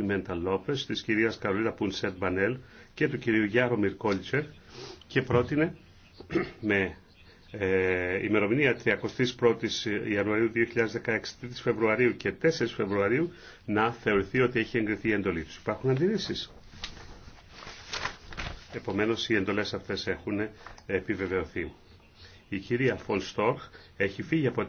Πιμέντα Λόπες, της κυρίας Καρολίνα Πουνσέτ Μπανέλ και του κυρίου Γιάρο Μυρκόλτσερ και πρότεινε με ε, ημερομηνία 31η Ιανουαρίου 2016, 3 Φεβρουαρίου και 4 Φεβρουαρίου να θεωρηθεί ότι έχει εγκριθεί η εντολή του. Υπάρχουν αντιρρήσει. Επομένω, οι εντολέ αυτέ έχουν επιβεβαιωθεί. Η κυρία Φον Στόρχ έχει φύγει από την